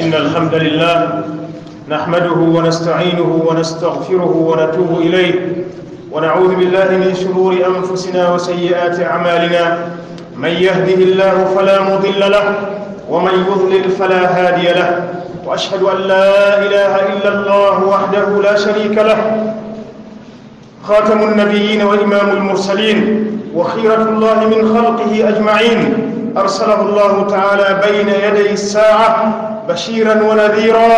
إن الحمد لله نحمده ونستعينه ونستغفره ونتوب إليه ونعوذ بالله من شرور أنفسنا وسيئات أعمالنا من يهده الله فلا مضل له ومن يضلل فلا هادي له وأشهد أن لا إله إلا الله وحده لا شريك له خاتم النبيين وإمام المرسلين وخيرة الله من خلقه أجمعين أرسله الله تعالى بين يدي الساعة بشيرا ونذيرا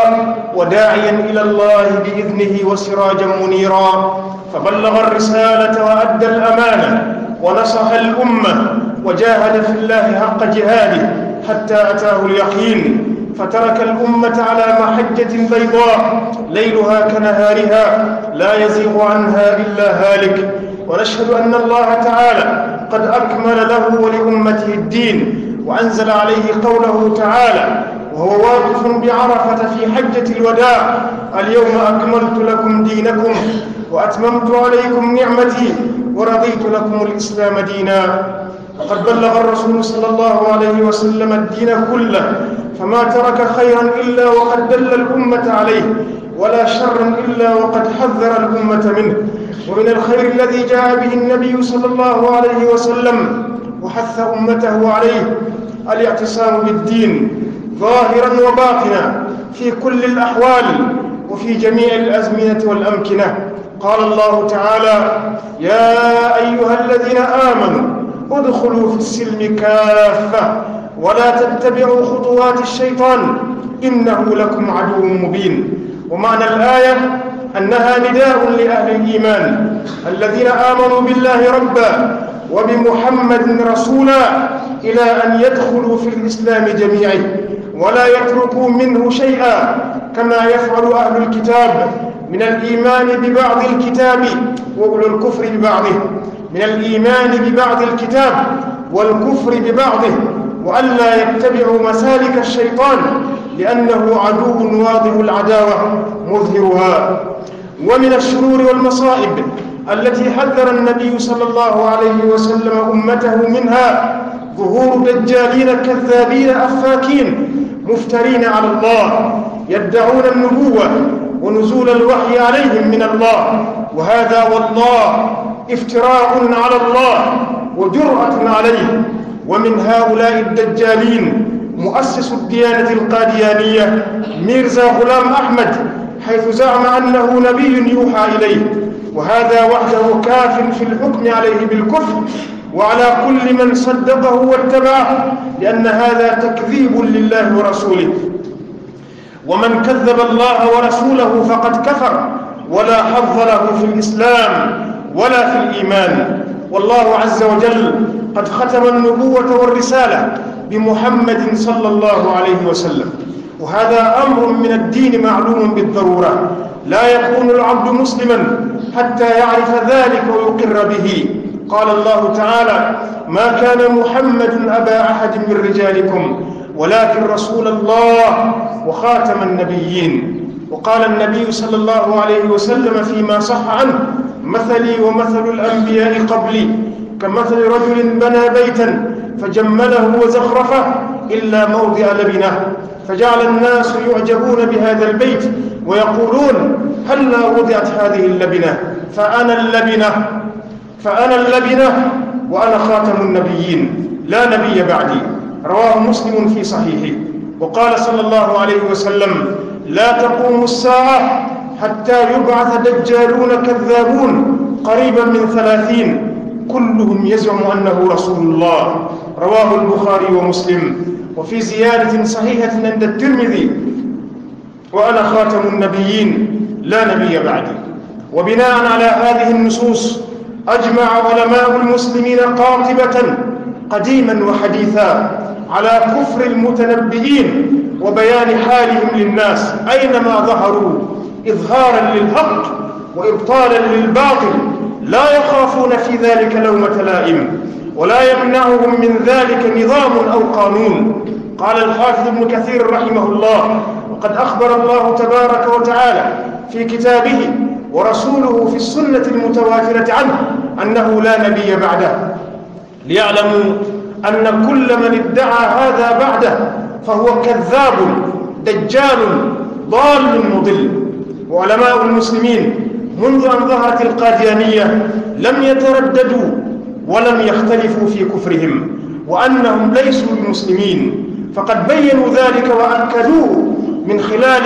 وداعيا إلى الله بإذنه وسراجا منيرا فبلغ الرسالة وأدى الأمانة ونصح الأمة وجاهد في الله حق جهاده حتى أتاه اليقين فترك الأمة على محجة بيضاء ليلها كنهارها لا يزيغ عنها إلا هالك ونشهد أن الله تعالى قد أكمل له ولأمته الدين وأنزل عليه قوله تعالى وهو واقف بعرفة في حجة الوداع اليوم أكملت لكم دينكم وأتممت عليكم نعمتي ورضيت لكم الإسلام دينا فقد بلغ الرسول صلى الله عليه وسلم الدين كله فما ترك خيرا إلا وقد دل الأمة عليه ولا شرا إلا وقد حذر الأمة منه ومن الخير الذي جاء به النبي صلى الله عليه وسلم وحث أمته عليه الاعتصام بالدين ظاهرا وباطنا في كل الأحوال وفي جميع الأزمنة والأمكنة قال الله تعالى يا أيها الذين آمنوا ادخلوا في السلم كافة ولا تتبعوا خطوات الشيطان إنه لكم عدو مبين ومعنى الآية أنها نداء لأهل الإيمان الذين آمنوا بالله ربا وبمحمد رسولا إلى أن يدخلوا في الإسلام جميعه ولا يتركوا منه شيئا كما يفعل أهل الكتاب من الإيمان ببعض الكتاب وأولو الكفر ببعضه من الإيمان ببعض الكتاب والكفر ببعضه وألا يتبعوا مسالك الشيطان لأنه عدو واضح العداوة مظهرها ومن الشرور والمصائب التي حذر النبي صلى الله عليه وسلم أمته منها ظهور دجالين كذابين أفاكين مفترين على الله يدعون النبوة ونزول الوحي عليهم من الله وهذا والله افتراء على الله وجرأة عليه ومن هؤلاء الدجالين مؤسس الديانة القاديانية ميرزا غلام أحمد حيث زعم أنه نبي يوحى إليه وهذا وحده كاف في الحكم عليه بالكفر وعلى كل من صدقه واتبعه لأن هذا تكذيب لله ورسوله ومن كذب الله ورسوله فقد كفر ولا حظ له في الإسلام ولا في الإيمان والله عز وجل قد ختم النبوة والرسالة بمحمد صلى الله عليه وسلم وهذا أمر من الدين معلوم بالضرورة لا يكون العبد مسلما حتى يعرف ذلك ويقر به قال الله تعالى ما كان محمد أبا أحد من رجالكم ولكن رسول الله وخاتم النبيين وقال النبي صلى الله عليه وسلم فيما صح عنه مثلي ومثل الأنبياء قبلي كمثل رجل بنى بيتا فجمله وزخرفه إلا موضع لبنه فجعل الناس يعجبون بهذا البيت ويقولون هلا وضعت هذه اللبنة فأنا اللبنة فأنا اللبنة وأنا خاتم النبيين لا نبي بعدي رواه مسلم في صحيحه وقال صلى الله عليه وسلم لا تقوم الساعة حتى يبعث دجالون كذابون قريبا من ثلاثين كلهم يزعم أنه رسول الله رواه البخاري ومسلم وفي زيادة صحيحة عند الترمذي وأنا خاتم النبيين لا نبي بعدي وبناء على هذه النصوص أجمع علماء المسلمين قاطبة قديما وحديثا على كفر المتنبئين وبيان حالهم للناس أينما ظهروا إظهارا للحق وإبطالا للباطل يخافون في ذلك لومة لائم ولا يمنعهم من ذلك نظام أو قانون قال الحافظ ابن كثير رحمه الله وقد أخبر الله تبارك وتعالى في كتابه ورسوله في السنة المتواترة عنه أنه لا نبي بعده ليعلموا أن كل من ادعى هذا بعده فهو كذاب دجال ضال مضل وعلماء المسلمين منذ أن ظهرت القاديانية لم يترددوا ولم يختلفوا في كفرهم وأنهم ليسوا بمسلمين فقد بينوا ذلك وأكدوه من خلال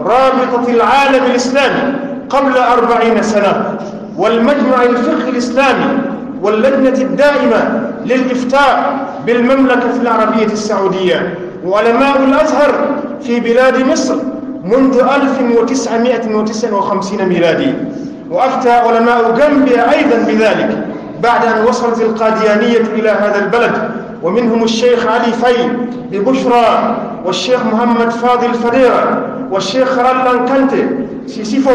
رابطة العالم الإسلامي قبل أربعين سنة والمجمع الفقهي الإسلامي واللجنة الدائمة للإفتاء بالمملكة العربية السعودية وعلماء الأزهر في بلاد مصر منذ 1959 ميلادي وأفتى علماء جنبيا أيضا بذلك بعد أن وصلت القاديانية إلى هذا البلد ومنهم الشيخ علي في ببشرى والشيخ محمد فاضل فريرة والشيخ رلان كانتي سيسيفو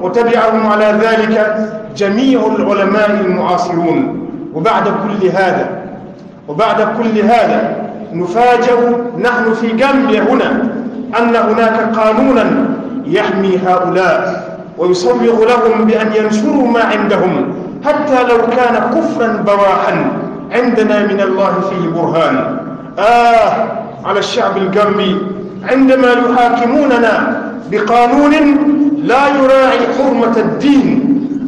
وتبعهم على ذلك جميع العلماء المعاصرون وبعد كل هذا وبعد كل هذا نفاجأ نحن في جامبيا هنا أن هناك قانونا يحمي هؤلاء ويصوغ لهم بأن ينشروا ما عندهم حتى لو كان كفرا بواحا عندنا من الله فيه برهان آه على الشعب الجرمي عندما يحاكموننا بقانون لا يراعي حرمة الدين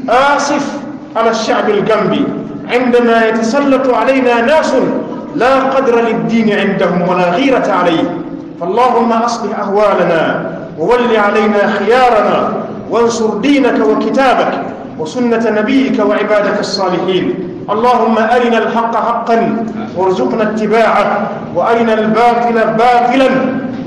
آسف على الشعب الجنبي عندما يتسلط علينا ناس لا قدر للدين عندهم ولا غيرة عليه فاللهم أصلح أهوالنا وول علينا خيارنا وانصر دينك وكتابك وسنة نبيك وعبادك الصالحين اللهم أرنا الحق حقا وارزقنا اتباعه وأرنا الباطل باطلا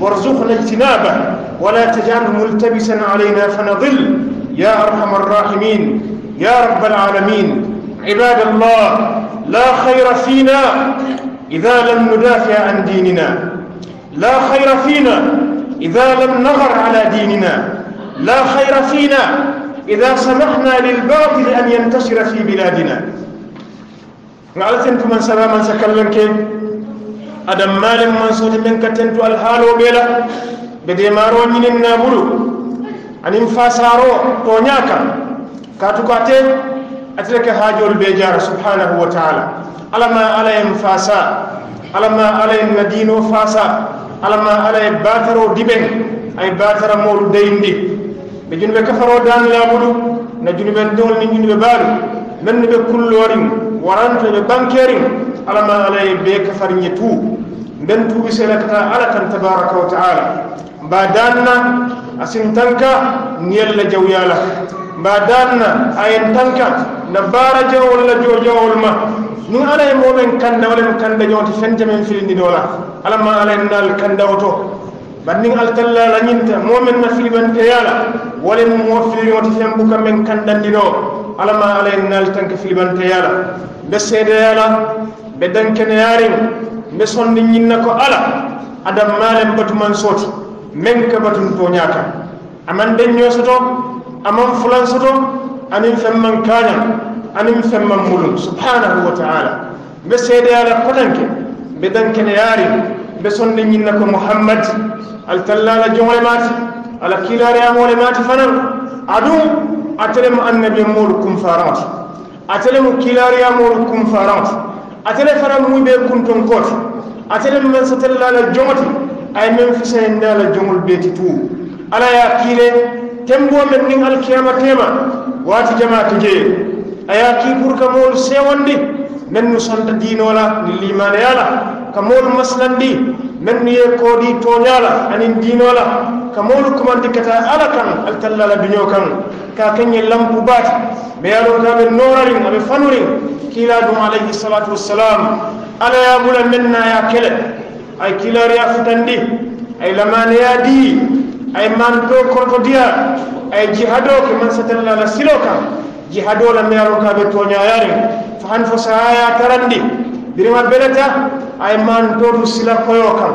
وارزقنا اجتنابه ولا تجعله ملتبسا علينا فنضل يا أرحم الراحمين يا رب العالمين عباد الله لا خير فينا إذا لم ندافع عن ديننا لا خير فينا إذا لم نغر على ديننا لا خير فينا إذا سمحنا للباطل أن ينتشر في بلادنا أنت من سبا من سكلمك أدم مال من صوت من كتن الحال وبيلا بدي مارو من النابل أن انفاسارو تونياكا كاتو كاتين أتلك هاجو البيجار سبحانه وتعالى على ما على انفاسا alama ala ye nadino fasa alama ala ye bataro diben ay batara molu dayindi ɓe junube kafaro dan lamudu na junube dol ni junube baalu men ɓe kullorin waranto be bankerin alama ala ye be kafarñe tu nden tuubi sele kata ala tan tabaraka wa taala badanna asintanka niyalla jawyala badanna ayentanka na bara jawol la jojawol ma nun ala ye moo men kanda wala men kanda ñowti fente men filindi doola ala ma ala en naal kanda oto bannin altalla la ñinta moo men na filibante yaala wala moo filiñoti fen buka men kandandi ɗo ala ma ala en naal tanka filibante yaala mbe seede yaala mbe dankeneyaariŋ mbe sonndi ñinna ko ala adam maalen batuman sooti men kabatun toñaka aman deñño soto aman fulan soto anin femman kaña anin femman mulum subhanahu wa taala mbe seedeyala kotanke mbe dankeneyaari mbe sonde ñinna ko muhammad al tallala jongole maati ala kilare amole maati fanan aɗum atelemu annabi moolu kum farante atelemu kilare amoolu kum farante atele fana muy ɓe kunton kooti atelemu men so tellala jongoti ay men fisayin da la jongol beti tu ala ya kile tembo men ning al kiyama tema wati jamaatu je aya ki pour ka mol sewandi men nu santa dinola ni limane yala ka mol maslandi men nu ye kodi toñala anin dinola ka mol kumandi kata ala kan al tallala duño kan ka kenye lampu bati be yalo ka be norarin abe fanurin kila dum alayhi salatu wassalam ala ya bula menna ya kele ay kilariya futandi ay lamaneya di ay manto korkodiya ay jihado ke man satalla la siloka kan jihado la meyaro ka be toñayari fa han fo sahaya tarandi birima beleta ay mantotu sila koyo kan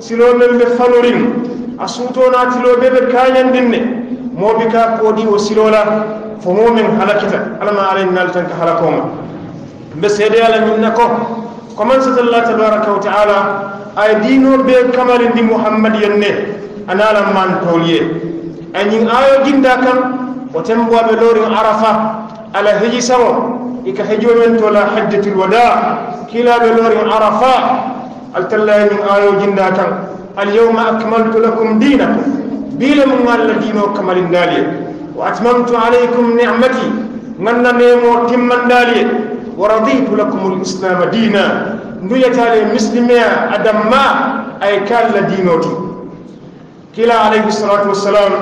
silo men be falorin a suutonatilo be be kañandin ne moɓi ka koodi o silola fo momin halakita alama alaynaltan ka halakoma mbe seede ala min na كمان سيد الله تبارك وتعالى أي دينو بكمال دي محمد ينه أنا لما نقولي أن ين آي جندا كم وتم بواب عرفة على هجي إك هجو من تولا حجة الوداع كلا بلور عرفة قلت الله من آي جندا كم اليوم أكملت لكم دينكم بلا من الله دينو كمال دالي وأتممت عليكم نعمتي من نمو تمن دالي ورضيت لكم الإسلام دينا نيتالي مسلميا أدم ما أي كان لدينوتو كلا عليه الصلاة والسلام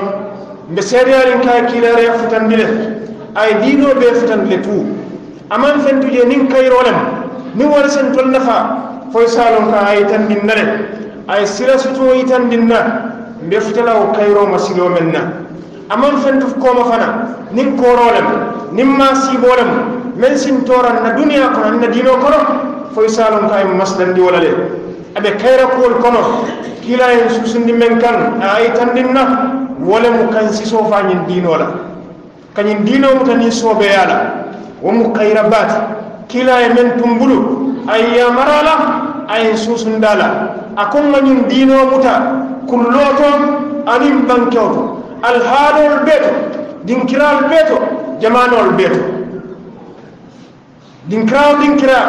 بسيريا لنكا كلا ريفتن بله أي دينو بيفتن لتو أمان فنتو جنين كيرولم نور سنتو النفا فيسالون كايتن من نره أي سلسطو يتن من نره بفتلاو كيرو مسيلو من نره أمان فنتو فكوما فنا نين كورولم نين ما سيبولم men sintoran na duniya kono anna dino kono foy salon kay maslandi wala le abe kayra kol kono kila en susindi men kan ay tandinna wala mu kan siso fanyin dino la kanyin dino mu tanin sobe yala wa mu kayra bat kila en men tumbulu ay ya marala ay susundala akon ngin dino muta kulloto anin bankewto alhaalol beeto dinkiral beeto jamanol beeto dinkirawo dinkira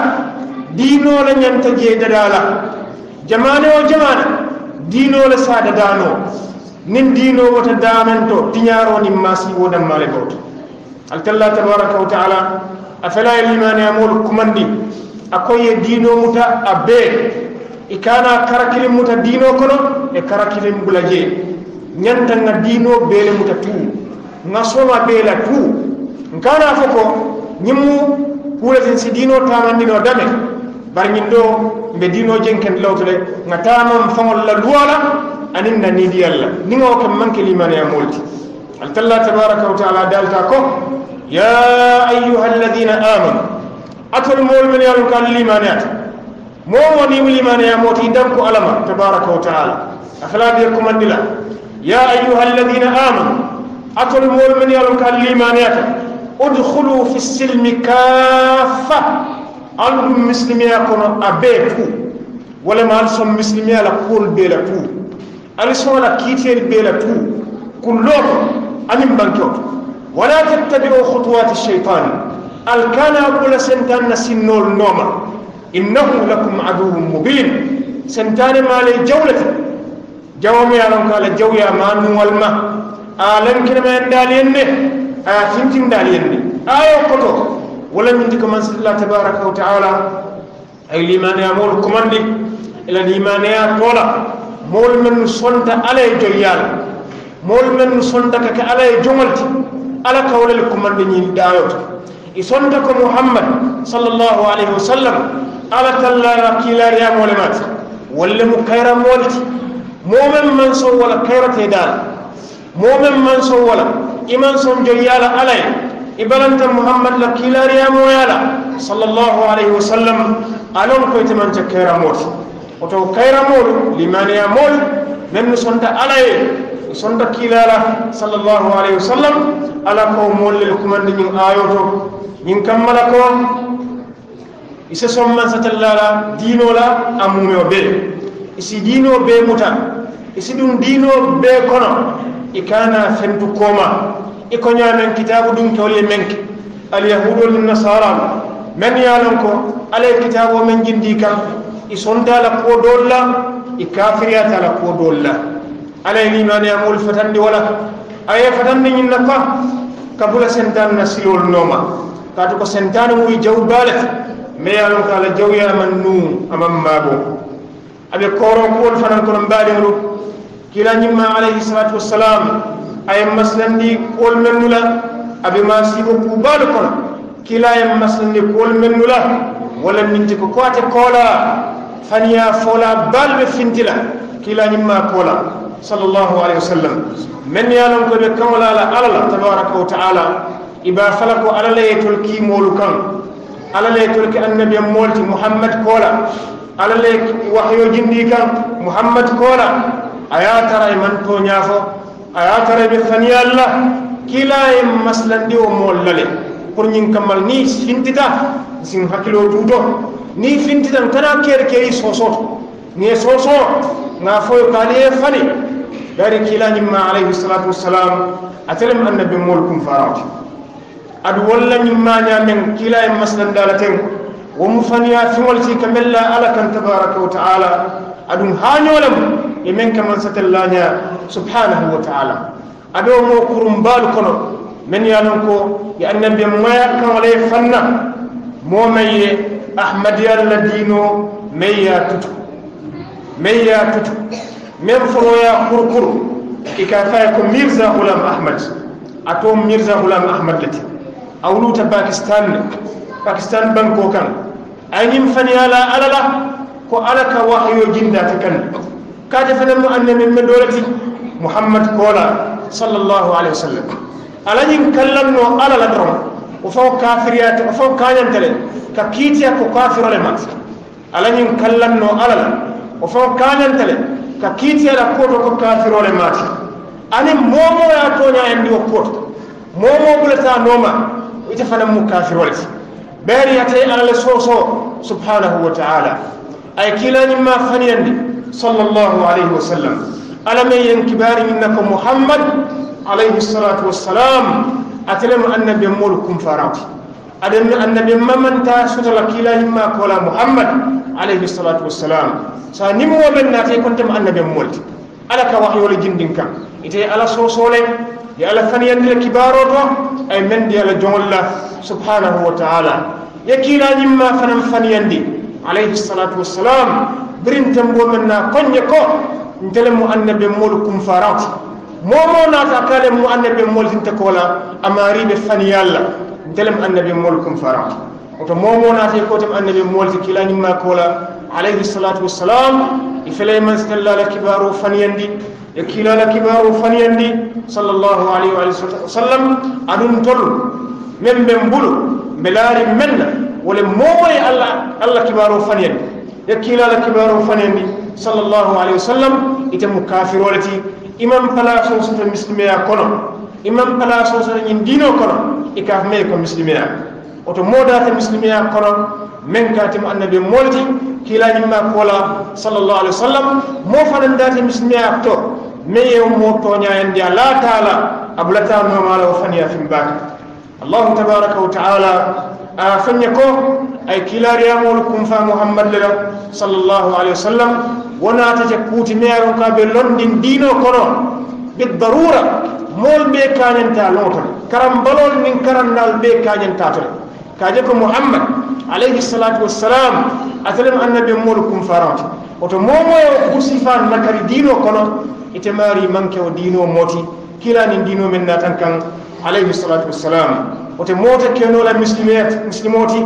diinoo la ñanta jee dadaa la jamane o jamana diinoo la saada daanoo nin diinoo wota daamento tiñaaroo nin maasi wo dammaale gooto altalla tabaraka wa taala afala e limaneyamoolu kumandi a koye diinoo muta a bee i kana karakilin muta diinoo kono e karakilin bula jee ñanta nga diinoo beele muta tuu nga soma beela tuu nkana fo ko ñimu pour les incidents diinoo taamandinoo dame bari ñin ɗo mbe diinoo jenken lawtule nga taaman faŋol la luwa la anin na niidiyal la niŋoo ke manke limaneya moolti al talla tabaraka wa taala daalta ko ya ayuha alladina amanu atol moolu men yaalum ka limaneyaata moo mo nimu limaneya mooti danko alama tabaraka wa taala afalaabiye kumandi la ya ayuha alladina amanu atol moolu men yaalum ka limaneyaata ادخلوا في السلم كافة أنتم مسلمية كنا أبيكو ولا ما أنتم مسلمية لكل بيلتو أنتم لكيتين بيلتو كلهم أنم بانكيوت ولا تتبعوا خطوات الشيطان الكان أقول سنتان نسنو النوم إنه لكم عدو مبين سنتان ما لي جولة جوامي على قال جويا ما نوالما آلم آلن يندالي يندالين a tintin dal yende ayo koto wala min ti kaman silla tabaraka wa ta'ala ay liman ya mol komandi ila liman ya tola mol men sonta alay joyal mol men sonta ka alay jomolti ala kawlal komandi ni dayot isonta ko muhammad sallallahu alaihi wasallam ala talla kila ya molemat wala mu kayra molti momen man so wala kayrate dal momen man son wala iman son jol yala alay ibalanta muhammad la kilariya mo yala sallallahu alaihi wasallam alon ko itiman ta kera mot oto kera mot limaniya mot men sonta alay sonta kilala sallallahu alaihi wasallam ala ko mollel kumande nyin ayoto nyin kammala ko ise somman satallala dinola amumeo be isi dino be muta isi ɗum dino be kono ikana fentu koma iko ñamen kitabu ɗum tewol ye menke alyahudu lin nasara men yalon ko alay kitabo men jindi kan i sondala kuwo dol la i kafiriyatala kuwo dol la alay limaniyamol fatandi wala aye fatandi ñinna pa kabula sentan na silol nooma kaatu ko sentani muy jaw baale me yalon ko ala jawyalaman nu aman maago aɓe koron kuwol fanan kono mbaɗimru kila ñimma alayhi salatu wassalam aye maslandi kool mennu la abe ma siibo kuubaalu kono kila ye maslandi kool mennu la walla ninti ko koate koola faniya foola baal ɓe finti la kila ñimma koola sallallahu alayhi wa sallam men ye lon ko ɓe kaŋola la ala la tabaraka wa taala iba fala ko ala la ye tol kiimoolu kaŋ ala la ye tol ke annabiya moolti muhammad koola ala la ye wahyo jindi kaŋ muhammad koola aya tara man to nyafo aya tara be fani allah kila e maslandi o mol pour nyin kamal ni fintita sin hakilo judo ni fintita kana ker keri soso ni soso na fo kali e fani dari kila nyim ma alayhi salatu wassalam atelem annabi mol kum farawti ad walla nyim ma nyamen kila e maslanda laten wo mu faniya fiwol ci kamella ala kan tabaraka taala adum hañolam e men kaman satel laña subhanahu wa taala aɗo mo kurumbaalu kono men yalon ko yo annabi maya kaŋole fanna mo maye ahmadiyal la diino men ya tutu men ya tutu men foroya kurkuru i ka faye ko mirza hulam ahmad a to mirza hulam ahmad leti a wuluta pakistan ne pakistan banko kan añin faniyala alala ko ala ka wahayo jindati kan kaate fenen mo anne min mi dolati muhammad kola sallllahu alayhi wa sallam alañin kallanno ala la dorom o faw kafiriyate o faw kañantele ka kiitiya ko kafirole ma alañin kallanno ala la o faw kañantele ka kiitiyala koto ko kafirole maati anin momoya toña andi o koto momo bulata nooma ite fanan mu kafirole ti ɓeeriyatay ala le soso subhanahu wa taala ay kilañin ma faniyandi صلى الله عليه وسلم ألم ينكبار منك محمد عليه الصلاة والسلام أتلم أن بمولكم فراتي أدم أن بممن تاسد لكيلا ما قولا محمد عليه الصلاة والسلام سنمو من ناتي كنتم أن بمولك ألا كوحي ولجندنك إتي ألا سوصولي يا ألا فنيان لكباروتو أي من دي ألا جون الله سبحانه وتعالى يكيلا إما فنم ثانيا دي alayhi salatu wassalam birin tambo men na konye ko ntele mu annabi mol kum farati momo na ta kale mu annabi mol tinta kola amari be fani yalla ntele mu annabi mol kum farati oto momo na ta ko tam annabi mol ti kilani ma kola alayhi salatu wassalam ifele man stalla la kibaru faniyandi e kilala kibaru faniyandi sallallahu alayhi wa sallam adun tol men ben bulu belari menna wala momoy allah allah kibaro fanendi ya kilala kibaro fanendi sallallahu alaihi wasallam ite mu kafirolati imam palaso soto mislimeya kono imam palaso soto ñin dino kono e kaf may ko mislimeya oto modata mislimeya kono men katim annabi molti kilañim ma kola sallallahu alaihi wasallam mo fanan data mislimeya to meye mo toñayandi ala taala abulata nomala o faniya fim baka allah tabaraka wa taala a fenñe ko ay kilariyamolu kum fa muhammad le la sallallahu alayhi wa sallam wonata je kuuti meyaron ka ɓe londin diino kono ɓe darura mool ɓe kañanta longotole karam balol nin karannal ɓe kañantatole kaje ko muhammad alayhi salatu wassalam atelem annabi moolu kum farante oto momoyo ɓursifan nakari diino kono ite maari manke o diino mooti kilanin diino men natan kan alayhi salatu wassalam wote moota kenola muslimet muslimoti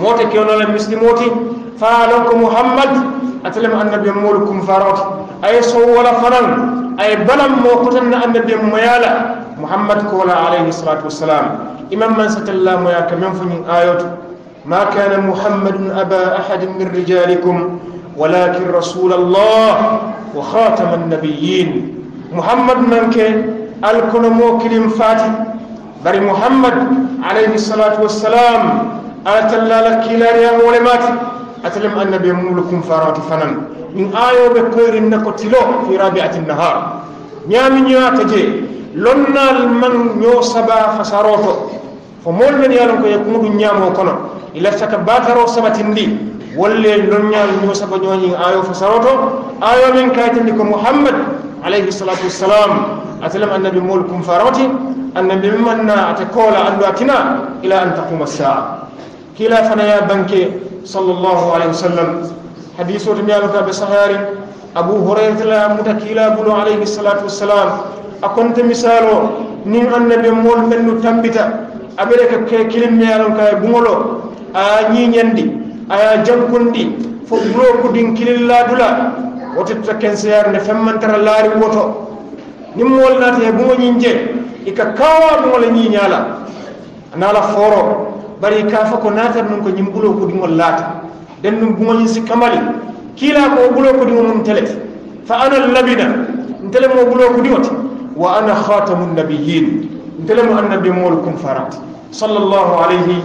moota kenola muslimoti faalo ko muhammad atelem annabi moolu kum faroti ay so wala fanan ay balam mo kotanna annabi moyala muhammad ko wala alayhi salatu wassalam imam man satalla moya ka men fo ñin ayoto ma kana muhammadun aba ahadin min rijalikum ولكن رسول الله وخاتم النبيين محمد منك الكنمو كلم فاتح bari muhammad alayhi salatu wassalam ala tallala kilariyaŋo le maati atelem annabi farati fanan min ayoɓe koyrinna ko tilo fi rabiati nahar ñaami ñoyata je lonnal man ño saba fasaroto fo moolu men yalon ko ye kuŋu ɗum ñaamo kono bataro sabatindi wolle lonñal ñosaba ñooñin ayo fo sawoto ayo men kaytandi ko muhammad alayhi salatu wassalam atelem annabi mool kum faroti annabi mimanna ate koola andu a tina ila an taquma saa kiila fanaya banke sallllahu alayhi wa sallam hadiso to miyalo kaɓe sahari abu hurairatala muta kiila bulo alayhi salatu wassalam a konte misal o nin annabi mool men nu tambita aɓere ka ke kilim miyalon kaye buŋolo a ñiñandi aya jankundi fo bulokudin kililladula wototta kenseyarde femmantara laari woto nin mool naata he buŋoñin je i ka kawa buŋo le ñiñala ana la foro bari i ka fo ko naatar nun ko ñin bulokudiŋol laata den nun buŋoñin si kamali kiila ko bulokudiŋo mun tele fa ana labina ntele mo bulokudiŋo ti wa ana khatamu nabiyin ntele mo annabi mool kum farati sallallahu alayhi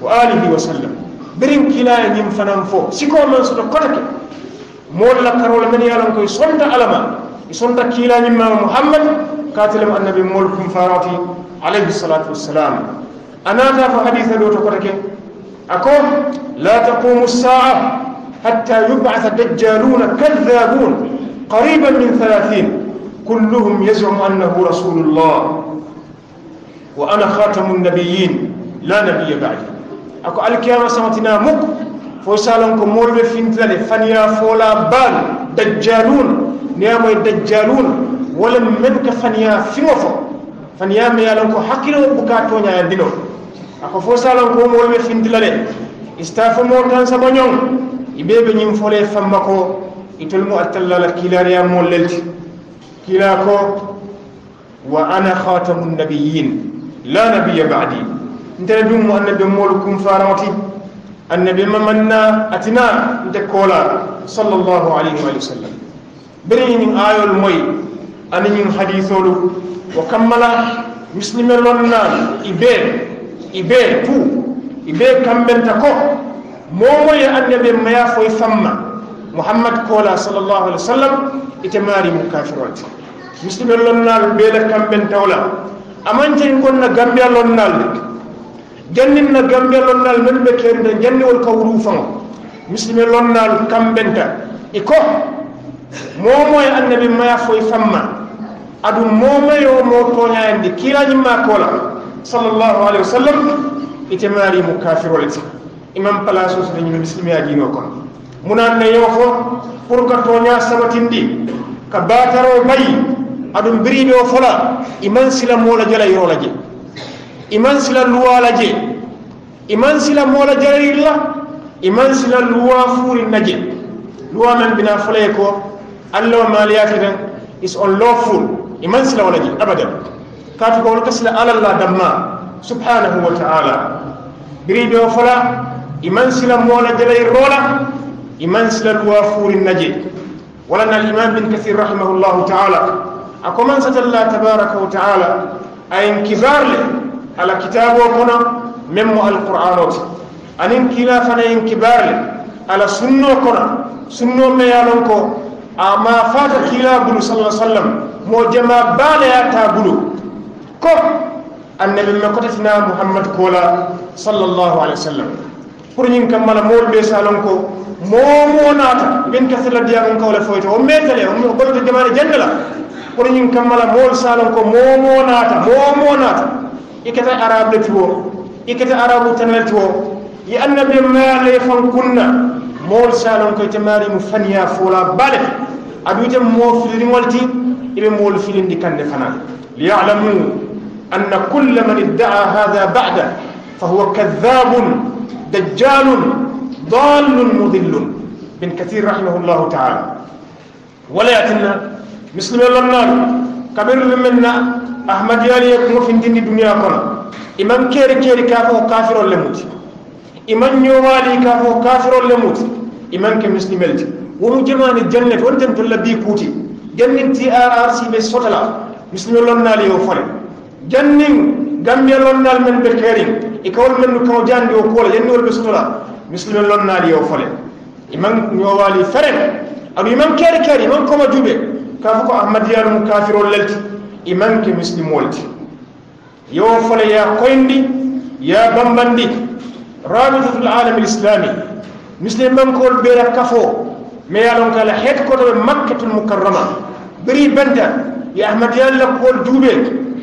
wa alihi wa sallam birin kilaya ñim fanan fo siko man soto kotake mool la karola men yalan koy sonta alama sonta kila ñim mama muhammad katelem annabi mool kum farati alayhi salatu wassalam anata fa haditha do to kotake ako la taqumu saa hatta yub'atha dajjalun kadhabun قريبا من ثلاثين كلهم يزعم أنه رسول الله وأنا خاتم النبيين لا نبي بعدي ako alkiyama samatina muk fo salon ko molɓe fintitale faniya fola bal dajjalun niyama dajjalun wala men ka fania fiofo fo me yalon ko hakkilo buka tonya dino ako fo salon ko molɓe fintilale istafomol tan saba ñoŋ iɓeɓe ñin fole famma ko itolmo attallala kilariya mol lelti kila wa ana khatamu nabiyin la badi nte dum mo be molu kum faramati annabi ma manna atina nte kola sallallahu alaihi wa sallam beri ni ayol moy ani ni haditholu wa kamala muslimer lonna ibe ibe tu ibe kamben ta ko momo ya annabi ma ya foy famma muhammad kola sallallahu alaihi wa sallam ite mari mukafirati muslimer lonna be la kambenta wala amante ngonna gambia lonnal jannin na gambe lonnal men ɓe kerida janniwol kawru fango muslime lonnal kamɓenta e ko momoye annabi maya foye famma aɗum momayo mo toñayande kirañimma kola sallllahu alayhi wa sallam ite maarimo kafirole ti imam place so ñino muslime ajino kon munan ne yo fo pour que toña sabatindi ka bataro bayi aɗum biriɗo fola iman silamola jola yirola je iman sila luwa la je iman sila mola jarari la iman sila luwa furi na je luwa men bina fulaye ko allah maliya kidan is unlawful iman sila wala je abadan kafi ko wala sila alalla damma subhanahu wa ta'ala biri do fala iman sila mola jarari rola iman sila luwa furi na je wala na imam bin kathir rahimahullahu ta'ala akoman satalla tabaraka wa ta'ala ayin kizarle ala kitabo kono meŋ mu alqur'ano ti aniŋ kiila fana yeŋ kibaari le ala sunno kono sunno me ye a loŋ ko a maa faata kiila bulu sala sallam moo jamaa baa le ye a taa bulu ko annabi me kotetina muhammad kola sallallahu alaihi wa sallam pour ñiŋ kamma la moolu be sa loŋ ko moo moo naata ben kasi la diyaŋoŋ kawo le foyito wo meetele golto jamaane jannde la pour ñiŋ kamma la moolu sa loŋ ko moo moo naata moo moo naata يكتا عرب لتو يكتا عرب تنلتو يأن بمال كنا مول سالون كيت ماري مفنيا فولا بالك أدويت موفلين والتي مول مولفلين دي كان فنا ليعلموا أن كل من ادعى هذا بعد فهو كذاب دجال ضال مضل من كثير رحمه الله تعالى ولا يأتنا مسلم الله النار كبير من ahmadiyani ye kuŋo fintindi duniya kono iman keeri keeri ka fo kafirol le muti iman ñowaali ka fo kafirol le muti iman ke muslimel ti womu jemaani jannet won ten tolla bii kuuti jannin trrc ɓe sotala muslime lonnaali yo fone jannin gambiya lonnaal men ɓe keerin e kawol men no kaw jandi o kuola janniwol ɓe sotala muslime lonnaali yo fole iman ñowaali feren aɗu iman keeri keeri iman koma juuɓe ka fo ko ahmadiyanu kafirol lelti i ke muslimol ti yewon fole ya koyndi ya bambandi rabitatul alami lislami muslim bankol ɓeera kafo me ye lon kala ko to makkatul mukarrama banda ya beri banta e ahmadiyalla kool duuɓe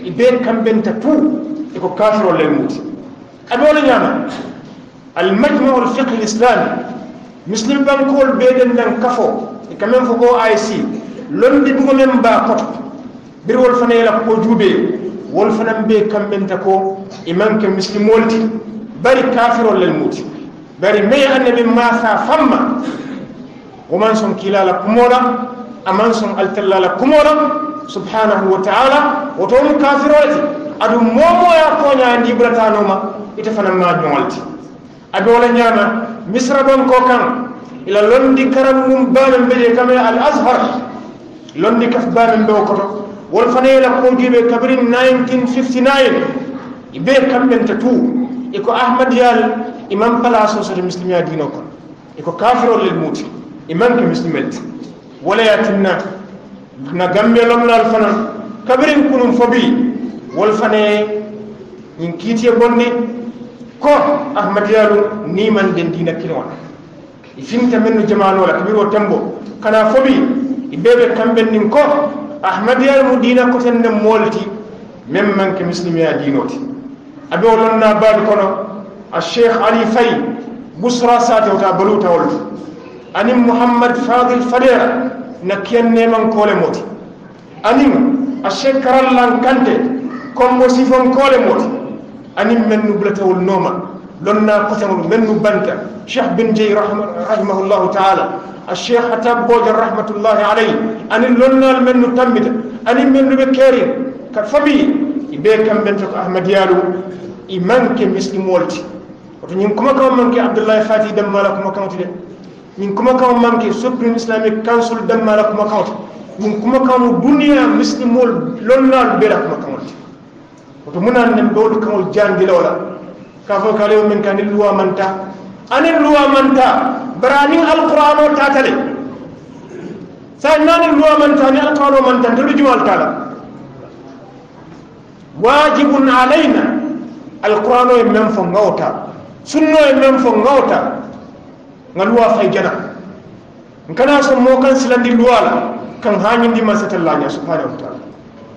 e ɓeen kamɓenta tout eko kafirol lay muuti aɓe wala ñaama almajmau lfiqhe lislami muslim bankol ɓeɗen nan kafo e quand même fo go aic londi ɗugo men ba koto bir wol fana yela ko juube wol fana be ta ko e manke molti bari kafiro lel muti bari mey ma masa famma woman son la kumola aman son la kumola subhanahu wa taala wotomu kafirolti aɗum momoya koña ndiɓratanoma ita fana ma jowalti aɓe wala ñama misra don ko kan ila londi karam mum bamen be kame al azhar londi kaf bamen mbewo koto wol fana yela koojeɓe kabiri 1959 ɓe kamɓenta tout eko ahmad yal imam place o soto muslimia dino kon eko kafirollel muuti imam ke muslimelti walaya tinna na gambe lomnal fana kabirin kunum fobi wol fane ñin kiitiye bonde ko ahmad yalu nimanden dina kilon i finta men no jamanola kabiro tembo kana fobi i ɓeɓe kamɓen nin ko ahmadiyal mu dina ko tan ne molti mem manke muslimiya dinoti abe wolon na bal kono a sheikh ali fay busra sate ta baluta wol anim muhammad fadil fadera na kiyan neman kole moti anim a sheikh karallan kante kombo sifon kole moti anim men nublata wol noma لنا قسم من بنت شيخ بن جي رحمه, رحمه الله تعالى الشيخ حتاب بوجر رحمة الله عليه أن لنا من تمت أن من بكارين كفبي بكم بنت أحمد يالو إيمان كمسلم والتي وتنين كما كما منك عبد الله خاتي دم مالك ما كنت من كما كما منك سوبريم إسلامي كانسول دم مالك ما كنت من كما كما دنيا مسلم لنا بلك ما كنت وتمنى أن نبول كما جان جلولا kafo kalew min kani luwa manta ani luwa manta barani alqur'ano tatale sa nani luwa manta ni alqur'ano manta tulu jumal tala wajibun alaina alqur'ano e men fo ngawta sunno e men fo ngawta ngaluwa fay jana kana so mo kan silandi luwa la kan hanyindi masatallanya subhanahu wa ta'ala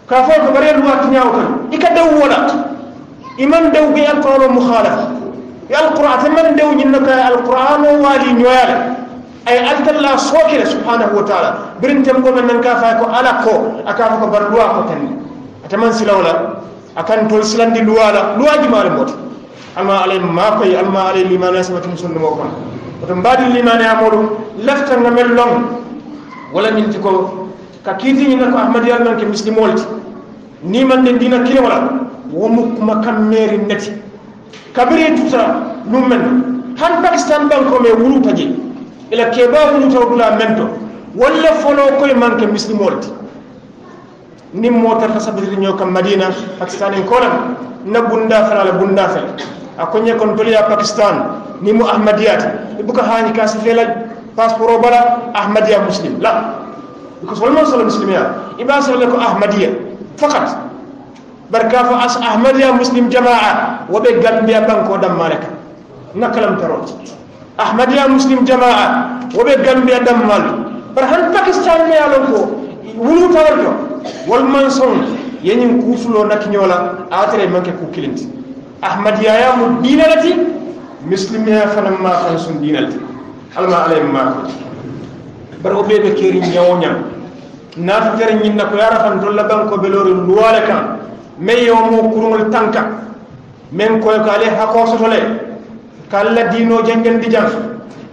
kafo ko bare luwa tinyaw kan ikadaw wolat iman dew ge alqur'ano mukhalafa yo alqur'an teman dew ñinno ka alqur'ano waali ñoyale ay altalla sookele subhanahu wa taala birintem ko men nan ka fay ko ala ko aka fa ko bar luwa ko tan ataman silawla akan tol silandi luwala luwa jimaale mota alma alay makoy alma alay limane asmatum sunnu mo kan oto mbaadi limane amoɗum lefta ngamel long wala min ti ko ka kiitiñina ko ahmadiyal men ke muslimolti ni man de ndina kile wala womukuma kammeri nati kabiri tuta numen han pakistan banko me wuluta je ila keba wuluta wudula mento walla folo koye manke muslimolti nin motarta sabitiri ño kam madina pakistan en kolam na bunda fela ala bunda fela a koñe kon toliya pakistan ni mu ahmadiyat ibuka hani kasi fela passeport o bala ahmadiya muslim la because wolmo sola muslimiya iba solle ko ahmadiya fakat بركاف أس أحمد يا مسلم جماعة وبقلب يا بنكو دمارك نكلم تروت أحمد يا مسلم جماعة وبقلب يا دمال برهن باكستان ما يلوكو ولو تارجو والمنصون ينين كوفلو نكنيولا آتري منك كوكيلنت أحمد يا يا مدين التي مسلم يا فنما ما خنسون دين التي هل ما عليهم ما برو بيبي كيرين يونيا نافكر نكو يعرف أن دولا بلور الوالكان men yo kurungol tanka men koy ko ale hako sotole kala dino jengen di jang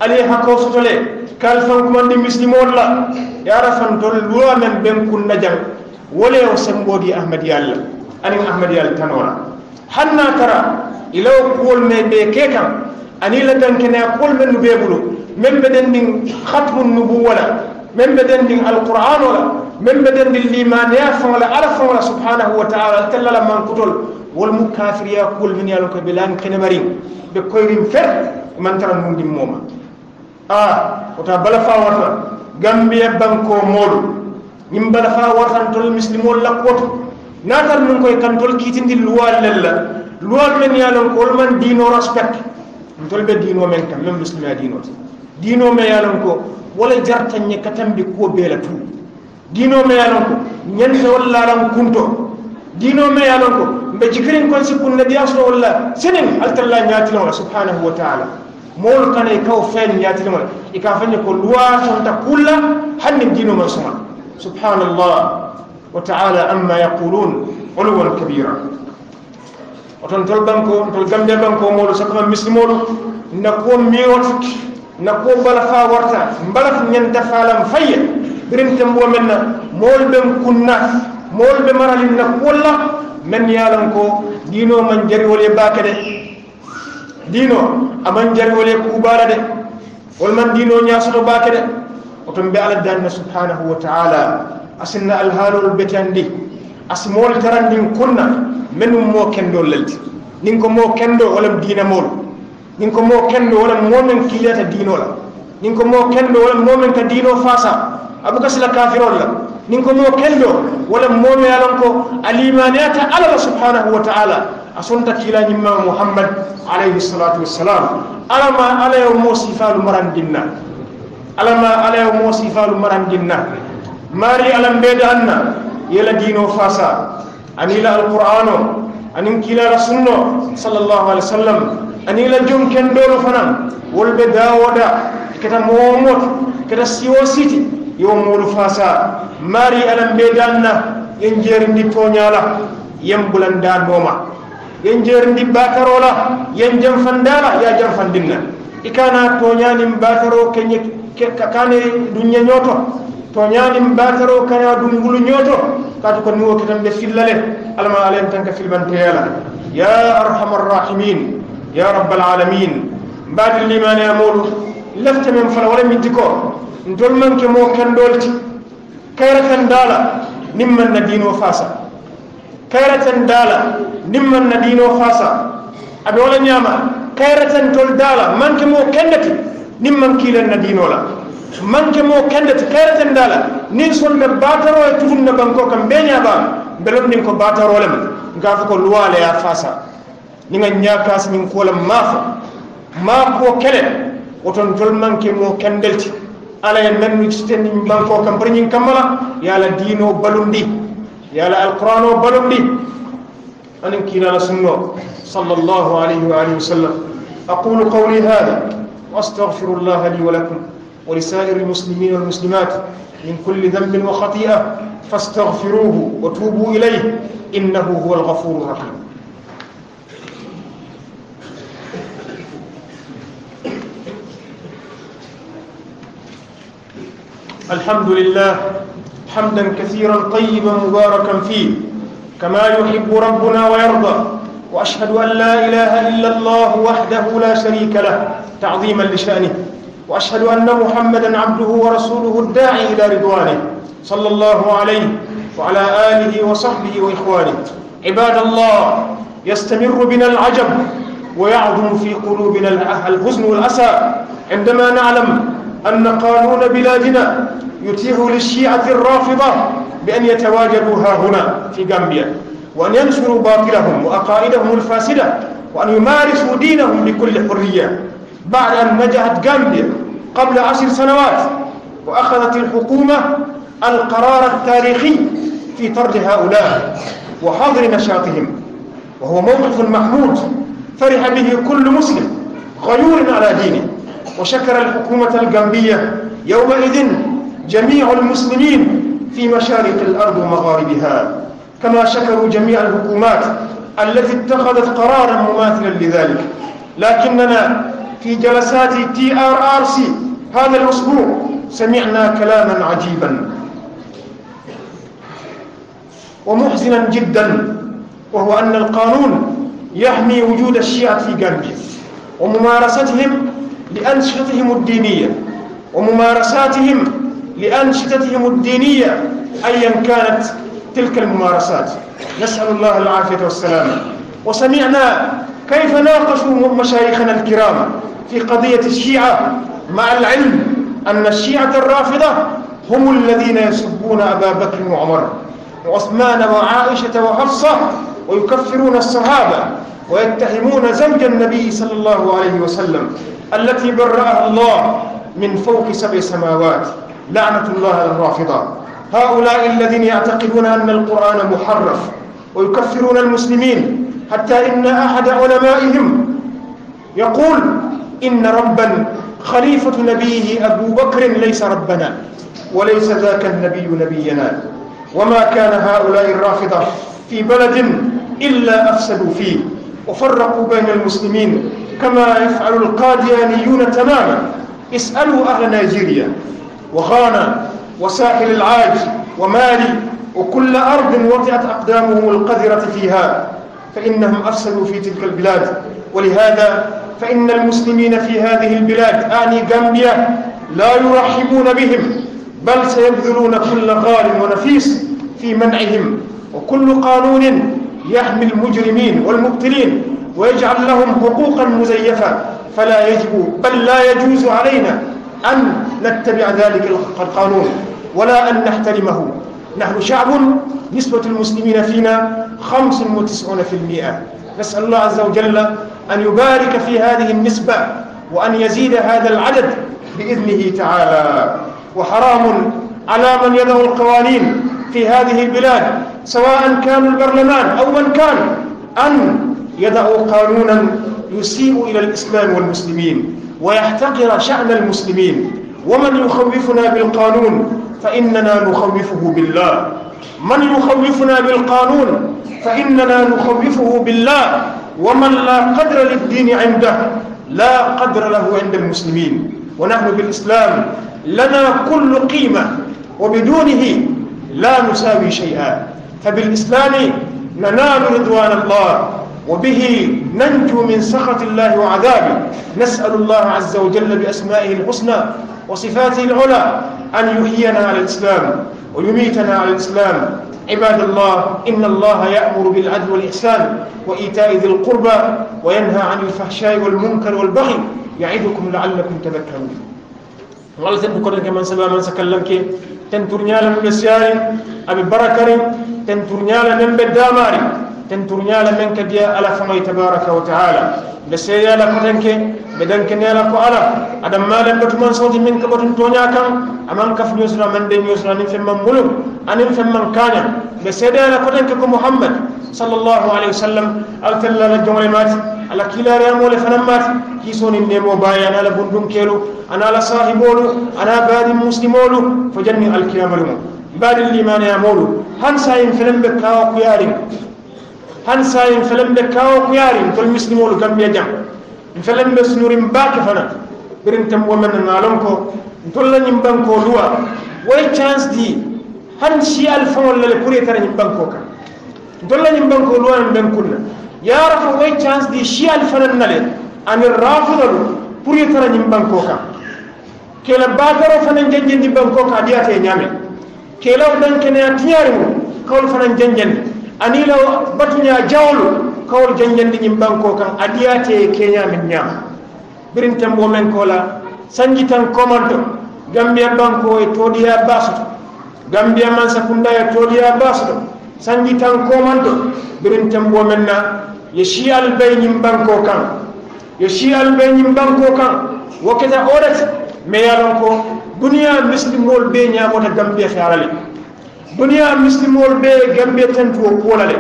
ale hako sotole kal fan kuma ndi muslimol la ya rafan dol luwa men ben kunna jang wole o sembodi ahmad yalla ani ahmad yalla tanora hanna tara ilaw kuwol me be kekam ani la tankene kuwol men be men be den ding khatmun nubuwala من بدن دي القرآن ولا من بدن دي الإيمان يا فولا على فولا سبحانه وتعالى تلا لما نقول والمكافر يقول من يلوك بلان كنمرين بكويرين فر من ترى من دي موما آه وتابل فاورفا غامبيا بانكو مول نيم بلا فاور خان تول مسلمون لا كوت ناتال نون كوي كان تول كيتين دي لوا لالا لوا من يالون كول من دينو ريسبكت نتول بيد دينو من كان مسلمين دينو دينو ما يالون كو ولا جرتني كتم بكو بيلتو دينو ما يلونك ينسى ولا لهم كنتو دينو ما يلونك بجكرين كون سكون النبي صلى الله عليه وسلم قلت الله ياتي له سبحانه وتعالى مول كان يكو فين ياتي له يكافني كل لوا سنت كل حن دينو ما سمع سبحان الله وتعالى اما يقولون علوا كبيرا وتنطلبنكم تلقم دبنكم مول سكم مسلمون نكون ميوتك نقوم بلفا ورتا بلف ننت فالم فيا برنت مومن مول بم كنا مول بمرال نقولا من يالنكو دينو من جري ولي باكد دينو امن جري ولي كوبالا دي ول من دينو نياسو باكد وتم بالا دان سبحانه وتعالى اسن الهال البتندي اسمول ترندين كنا من مو كندو للتي نينكو مو كندو ولم دينا مول ninko mo kendo wala momen kilata dino la ninko mo kendo wala momen ka dino fasa abuka sila kafirol la ninko mo kendo wala momen yalon ko alimaniyata ala subhanahu wa ta'ala asunta kila nyimma muhammad alayhi salatu wassalam alama ala yo mo sifalu marandinna alama ala yo mo sifalu marandinna mari alam beda anna yela dino fasa anila alqur'ano anin kila rasulullah sallallahu alaihi wasallam ani la jonken doolu fanaŋ wolu be daawoda keta moo moto keta siwo siti yo moolu faasa maari alam be dan na yen jeerindi tooñaa la yen bulandaa nooma yen jeerindi baakaroo la yen janfandaa la ye a janfandin na i kana tooñaanin baakaroo keñe kane duñe ñooto tooñaanin baakaroo kana dungulu ñooto kaatu ko niwo ketan be filla le alama alayen tan ka filmanteya la ya arhamar rahimin يا رب العالمين بعد لمن يمول لفت من فلوري من ديكور ندول من كمو كان دولت كيرة دالا نمن ندينو فاسا كيرة دالا نمن ندينو فاسا أبي ولا نياما كيرة تول دالا من كمو كندتي نمن كيلا ندينو لا من كمو كندتي كيرة دالا ننسون بباترو يتفن بانكو كم بينيا بام بلبنين كو باترو لم نقافكو لوالا يا فاسا ni nga ñaakaas ñin koola maafa maakoo kele woton tol manke mo kendelti ala ya nannu siten ñin banko kam bari ñin kammala yala diino balundi yala alquran o balundi anin kiinala sunno sallallahu alayhi wa alihi wa sallam aqulu qawli hada واستغفر الله لي ولكم ولسائر المسلمين والمسلمات من كل ذنب وخطيئه فاستغفروه وتوبوا اليه انه هو الغفور الرحيم الحمد لله حمدا كثيرا طيبا مباركا فيه كما يحب ربنا ويرضى وأشهد أن لا إله إلا الله وحده لا شريك له تعظيما لشأنه وأشهد أن محمدا عبده ورسوله الداعي إلى رضوانه صلى الله عليه وعلى آله وصحبه وإخوانه عباد الله يستمر بنا العجب ويعظم في قلوبنا الحزن والأسى عندما نعلم أن قانون بلادنا يتيح للشيعة الرافضة بأن يتواجدوا ها هنا في غامبيا وأن ينشروا باطلهم وأقائدهم الفاسدة وأن يمارسوا دينهم بكل حرية بعد أن نجحت غامبيا قبل عشر سنوات وأخذت الحكومة القرار التاريخي في طرد هؤلاء وحظر نشاطهم وهو موقف محمود فرح به كل مسلم غيور على دينه وشكر الحكومة الجنبية يومئذ جميع المسلمين في مشارق الأرض ومغاربها كما شكروا جميع الحكومات التي اتخذت قرارا مماثلا لذلك لكننا في جلسات تي ار ار سي هذا الأسبوع سمعنا كلاما عجيبا ومحزنا جدا وهو أن القانون يحمي وجود الشيعة في جنبه وممارستهم لأنشطتهم الدينية وممارساتهم لأنشطتهم الدينية أيا كانت تلك الممارسات نسأل الله العافية والسلامة وسمعنا كيف ناقشوا مشايخنا الكرام في قضية الشيعة مع العلم أن الشيعة الرافضة هم الذين يسبون أبا بكر وعمر وعثمان وعائشة وحفصة ويكفرون الصحابة ويتهمون زوج النبي صلى الله عليه وسلم التي برأها الله من فوق سبع سماوات لعنة الله على الرافضة هؤلاء الذين يعتقدون أن القرآن محرف ويكفرون المسلمين حتى إن أحد علمائهم يقول إن ربا خليفة نبيه أبو بكر ليس ربنا وليس ذاك النبي نبينا وما كان هؤلاء الرافضة في بلد إلا أفسدوا فيه وفرقوا بين المسلمين كما يفعل القاديانيون تماما اسألوا أهل نيجيريا وغانا وساحل العاج ومالي وكل أرض وضعت أقدامهم القذرة فيها فإنهم أفسدوا في تلك البلاد ولهذا فإن المسلمين في هذه البلاد آني غامبيا لا يرحبون بهم بل سيبذلون كل غال ونفيس في منعهم وكل قانون يحمي المجرمين والمبتلين ويجعل لهم حقوقا مزيفة فلا يجب بل لا يجوز علينا أن نتبع ذلك القانون ولا أن نحترمه نحن شعب نسبة المسلمين فينا 95% نسأل الله عز وجل أن يبارك في هذه النسبة وأن يزيد هذا العدد بإذنه تعالى وحرام على من يضع القوانين في هذه البلاد سواء كان البرلمان أو من كان أن يدعوا قانونا يسيء إلى الإسلام والمسلمين ويحتقر شأن المسلمين ومن يخوفنا بالقانون فإننا نخوفه بالله من يخوفنا بالقانون فإننا نخوفه بالله ومن لا قدر للدين عنده لا قدر له عند المسلمين ونحن بالإسلام لنا كل قيمة وبدونه لا نساوي شيئا فبالإسلام ننال رضوان الله وبه ننجو من سخط الله وعذابه نسأل الله عز وجل بأسمائه الحسنى وصفاته العلى أن يحيينا على الإسلام ويميتنا على الإسلام عباد الله إن الله يأمر بالعدل والإحسان وإيتاء ذي القربى وينهى عن الفحشاء والمنكر والبغي يعدكم لعلكم تذكرون wala ten ko ke man saba man sakallam ke ten turnyala mun be siyari abi barakari ten turnyala men be damari تنترنيا لمن كديا على فمي تبارك وتعالى بسيا لكتنك بدنك نيلا كو على أدم ما لم بتمن صوتي منك بتن تونيا كان أمان كف نيوسنا من دين نيوسنا نفهم من ملو ان فهم من كان بسيا لكتنك كو محمد صلى الله عليه وسلم ألتلا لجمع مات على كلا ريامو لفنمات كيسون النمو بايا أنا لبندن كيلو أنا لصاحبولو أنا بعد مسلمولو فجني الكلام لهم بعد الإيمان يا مولو هنسا ينفلم بكاوكو يارم han sayin felen be kawo kuyarin tol muslimolu gambiya jam felen be sunurin bake fana birin tembo men nalon ko tolla ñim banko luwa way chance di han si alfon lele pour yetara ñim banko ka tolla ñim banko luwa en ben kunna ya rafa way chance di si alfan nale ani rafudalu pour yetara ñim banko ka kela bagaro fana jenjendi banko ka diate ñame kela dan kene atiyari mo kawul fana jenjendi anila batuña jawlu kawol janjandi ñim banko kan adiyate keñamin nya birin tembo men kola sanji tan komando gambia banko e todiya basu gambia mansa kunda e todiya basu sanji tan komando birin tembo men na ye shial bay ñim banko kan ye shial bay ñim banko kan wokketa oɗat me yalon ko duniya muslimol be ñamota gambia fe duniya misilimoolu bee gambee tentuwo kuwo la le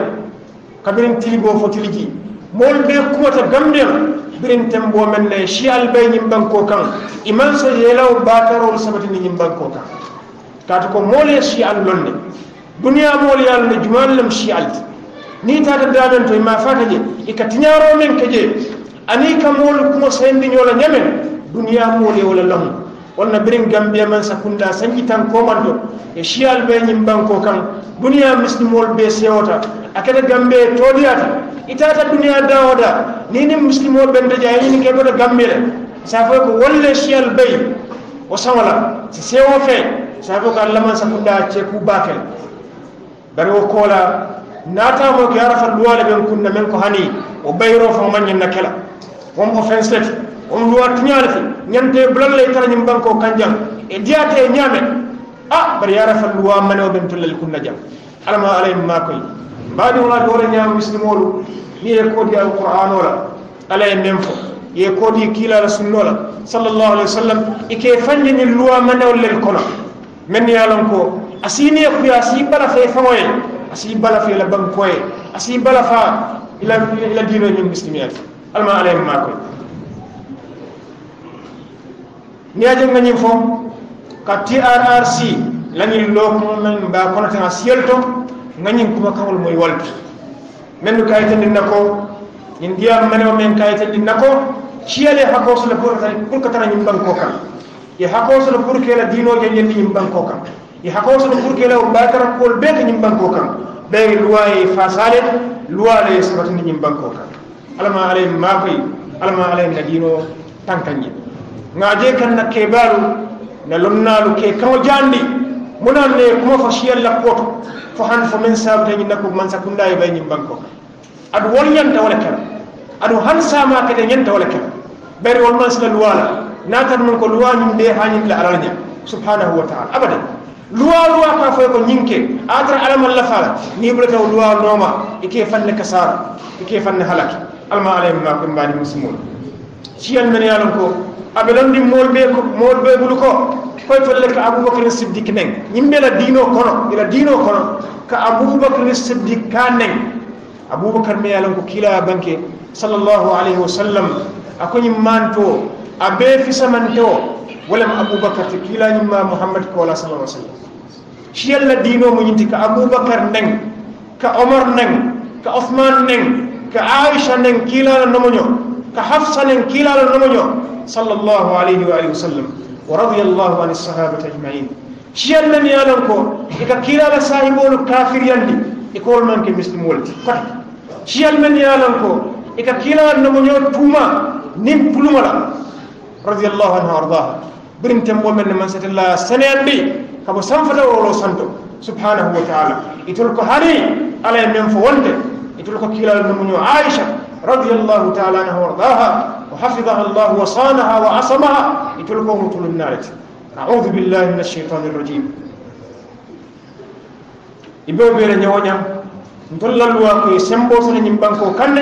kabirin tiligoo fo tiliji moolu be kuwata gambee la birin temboo men le siyaalu bee ñiŋ bankoo kaŋ iman so yelaw baataroolu sabatindi ñiŋ bankoo kaŋ kaatu ko moolu ye siyaalu loŋ ne duniyaa moolu ye a loŋ ne jumaalu lemu siyaalu ti niŋ i taata daamen to i maŋ faata je i ka tiñaaroo meŋ ke je aniŋ i ka moolu kuŋo sayindi ñoo la ñameŋ duniyaa moolu ye wo le loŋ walla birin gambiya man sakunda sanji tan komando e shiyal be nyim banko kan duniya muslimol be sewota akata gambe todiyata itata duniya dawoda nini muslimol be ndaja yini ke bodo gambele safo ko wolle shiyal be o sawala si sewo fe safo ko allah man sakunda ce ku bakel bari o kola nata mo ki arafa duwale ben kunna men ko hani o bayro fo man nyenna kala won offense lati on luwa tuñaale fi ñante bulal lay tara ñim banko kanjang e diyate e ñaame a bari yara fa luwa mane o ben tullal kunna jam alama alay ma koy mbaadi wona doore ñaam muslimolu ni e koodi alquran ola ala e fo ye koodi kila sunnola sallallahu alayhi wa sallam ike fanjini luwa manewol lel kono men ye lon ko asini kuya asi bala fe fawoye asi bala fe la bankoye asi bala fa ila ila dino ñim muslimiyat alama alay ma koy ni a jenga ñiŋ fo ka trrc lañiŋ loo kuma meŋ baa kono teŋa siyel to ŋa ñiŋ kumakaŋolu moyi waltu meŋ nu kayitandin na ko ñiŋ diyaam maneo meŋ kayitandin na ko ciyale hakkoo sola pour pour ka tara ñiŋ bankoo kaŋ ye hakkoo sola pour ke la diinoo janjendi ñiŋ bankoo kaŋ ye hakkoo sola pour ke la wo baatara kuwolu bee ka ñiŋ bankoo kaŋ bee luwa ye faasaale luwa le ye sabatindi ñiŋ bankoo kaŋ alla ma ala ye maakoyi alla ma ala ye na diinoo tankaŋ ñiŋ ngaje kan na kebaru na lomnalu ke kawo jandi munan ne kuma fo shiyal la koto fo han fo men sabta ni nako man sakunda e bayin banko adu wolyan ta wala kala adu han sama ka de nyanta wala kala bari wal man sala wala na tan man ko luwani de hanin la alanya subhanahu wa ta'ala abadan luwa luwa ka fo ko nyinke adra alama la fala ni bulata luwa noma ike fanne kasara ike fanne halaki alma alayhi ma kun bani muslimun shiyal men yalon ko aɓe landi mool ɓe mool ɓe ɓulu ko koye felle ko aboubacry siddik neng yimɓela diino kono ila diino kono ko aboubacry siddik ka neng aboubacar me yalan ko kiilaya banque sallllahu alayhi wa sallam akoñim manto a ɓe fisamante o walam aboubacar te kiilañimma mouhammad ko wala sallah sallam si yalla diino mo ñinti ko aboubacar neng ko omar neng ko ousmane neng ko aicha neng kiilana nomoño كحفصة كلا الرمجو صلى الله عليه وآله وسلم ورضي الله عن الصحابة أجمعين شيئا لم يالنكو إكا كلا لصاحبون كافر يندي يقول منك مسلم ولد شيئا لم يالنكو إكا كلا الرمجو توما نم بلومنا رضي الله عنه وارضاها برنت ومن من سات الله سنة بي كبو سنفتا ولو سنتو سبحانه وتعالى يتلقى هاري على من فولد يتلقى كلا الرمجو عائشة رضي الله تعالى عنها وارضاها وحفظها الله وصانها وعصمها يتلقوه طول النار أعوذ بالله من الشيطان الرجيم إبو بيرا نيوانيا نتولى اللواء كي سمبو سنة نمبانكو كان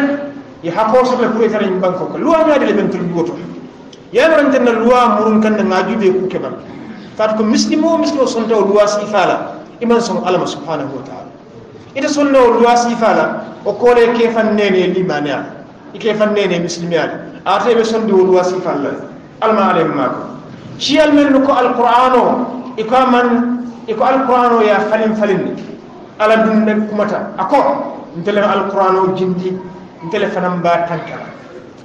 يحقو سنة كوية سنة نمبانكو كان لواء نادي لبن تلبوتو يا مرنتن اللواء مرون كان نعجو بيكو كبان فاتكم مسلمو مسلمو سنتو اللواء سيفالا إمان سنو الله سبحانه وتعالى إذا سنو اللواء سيفالا o kole ke fan nene limaniya ike fan nene muslimiya ate be sondi wol wasifan la alma ale mako ci almen ko alqur'ano iko man iko alqur'ano ya falin falin ala dunne kumata ako ntele alqur'ano jindi ntele fanam ba tanka